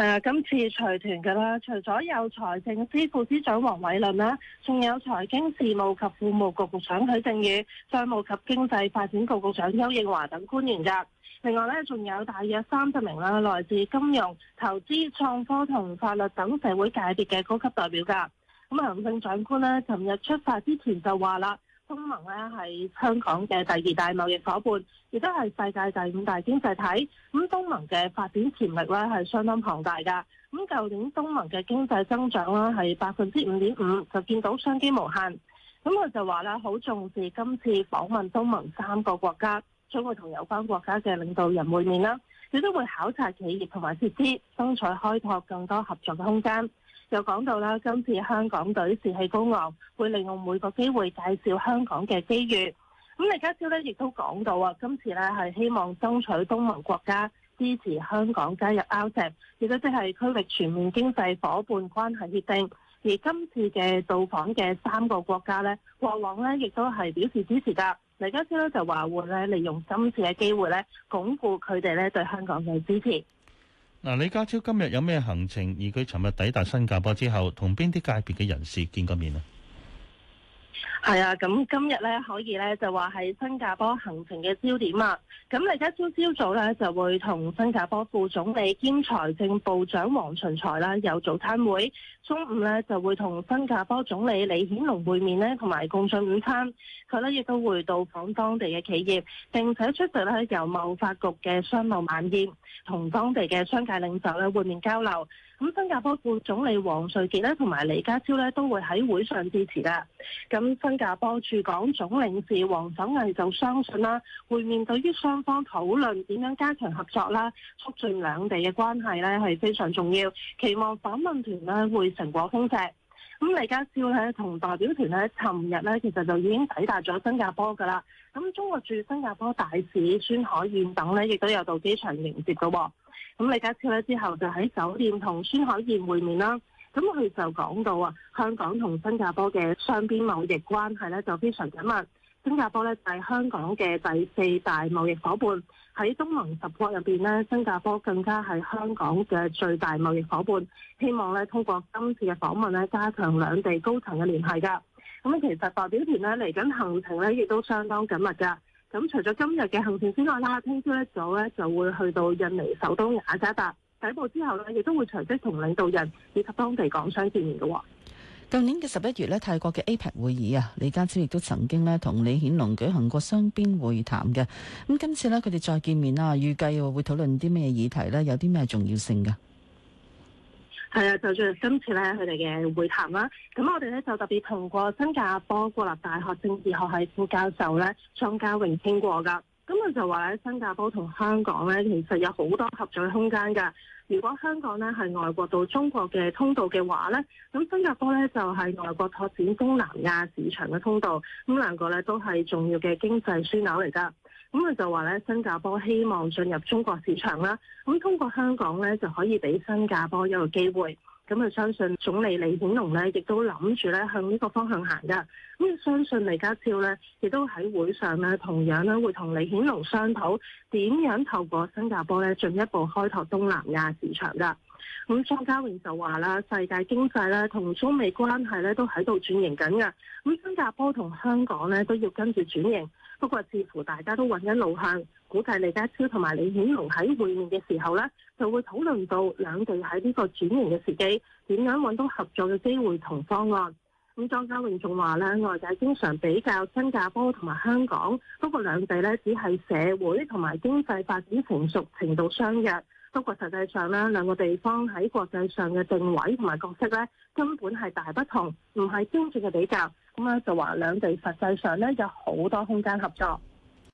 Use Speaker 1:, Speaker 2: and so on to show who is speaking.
Speaker 1: 誒、啊，今次隨團嘅啦，除咗有財政司副司長黃偉綸啦，仲有財經事務及庫務局局長許正宇、商務及經濟發展局局長丘應樺等官員噶。另外咧，仲有大約三十名啦，來自金融、投資、創科同法律等社會界別嘅高級代表噶。咁行政長官咧，琴日出發之前就話啦。東盟咧係香港嘅第二大貿易夥伴，亦都係世界第五大經濟體。咁東盟嘅發展潛力咧係相當龐大噶。咁舊年東盟嘅經濟增長啦係百分之五點五，就見到商機無限。咁佢就話啦，好重視今次訪問東盟三個國家，將會同有關國家嘅領導人會面啦，亦都會考察企業同埋設施，爭取開拓更多合作嘅空間。又講到啦，今次香港隊士氣高昂，會利用每個機會介紹香港嘅機遇。咁李家超咧亦都講到啊，今次咧係希望爭取東盟國家支持香港加入 RCEP，亦都即係區域全面經濟夥伴關係協定。而今次嘅到訪嘅三個國家咧，過往咧亦都係表示支持噶。李家超咧就話會咧利用今次嘅機會咧，鞏固佢哋咧對香港嘅支持。嗱，李家超今日有咩行程？而佢尋日抵達新加坡之後，同邊啲界別嘅人士見過面啊？係啊，咁今日咧可以咧就話喺新加坡行程嘅焦點啊。咁李家超朝早咧就會同新加坡副總理兼財政部長黃循財啦有早餐會，中午咧就會同新加坡總理李顯龍會面咧同埋共進午餐。佢咧亦都會到訪當地嘅企業，並且出席咧由貿發局嘅商貿晚宴，同當地嘅商界領袖咧會面交流。咁新加坡副總理王瑞杰咧同埋李家超咧都會喺會上支持啦。咁。新加坡駐港總領事王守毅就相信啦、啊，會面對於雙方討論點樣加強合作啦、啊，促進兩地嘅關係呢係非常重要，期望訪問團呢會成果豐碩。咁李家超呢同代表團呢尋日呢其實就已經抵達咗新加坡噶啦。咁中國駐新加坡大使孫海燕等呢亦都有到機場迎接噶、啊。咁李家超呢之後就喺酒店同孫海燕會面啦。咁佢就講到啊，香港同新加坡嘅雙邊貿易關係咧就非常緊密，新加坡咧就係、是、香港嘅第四大貿易伙伴，喺東盟十國入邊咧，新加坡更加係香港嘅最大貿易伙伴。希望咧通過今次嘅訪問咧，加強兩地高層嘅聯繫㗎。咁其實代表團咧嚟緊行程咧，亦都相當緊密㗎。咁除咗今日嘅行程之外啦，聽朝一早咧就，就會去到印尼首都雅加達。抵埗之後呢，亦都會隨即同領導人以及當地港商見面嘅。舊年嘅十一月呢，泰國嘅 APEC 會議啊，李家超亦都曾經呢同李顯龍舉行過雙邊會談嘅。咁今次呢，佢哋再見面啊，預計會討論啲咩議題呢？有啲咩重要性嘅？係啊，就住今次呢，佢哋嘅會談啦。咁我哋呢，就特別同過新加坡國立大學政治學系副教授呢，張家榮傾過噶。咁佢就話咧，新加坡同香港咧，其實有好多合作嘅空間噶。如果香港咧係外國到中國嘅通道嘅話咧，咁新加坡咧就係外國拓展東南亞市場嘅通道。咁兩個咧都係重要嘅經濟樞紐嚟噶。咁佢就話咧，新加坡希望進入中國市場啦。咁通過香港咧就可以俾新加坡一個機會。咁啊，相信總理李顯龍咧，亦都諗住咧向呢個方向行㗎。咁相信李家超咧，亦都喺會上咧，同樣咧會同李顯龍商討點樣透過新加坡咧進一步開拓東南亞市場㗎。咁莊家榮就話啦，世界經濟咧同中美關係咧都喺度轉型緊噶，咁新加坡同香港咧都要跟住轉型，不過似乎大家都揾緊路向。估計李家超同埋李顯龍喺會面嘅時候咧，就會討論到兩地喺呢個轉型嘅時機，點樣揾到合作嘅機會同方案。咁莊家榮仲話咧，外界經常比較新加坡同埋香港，不過兩地咧只係社會同埋經濟發展成熟程度相若。不過實際上咧，兩個地方喺國際上嘅定位同埋角色根本係大不同，唔係標準嘅比較。咁咧就話兩地實際上有好多空間合作。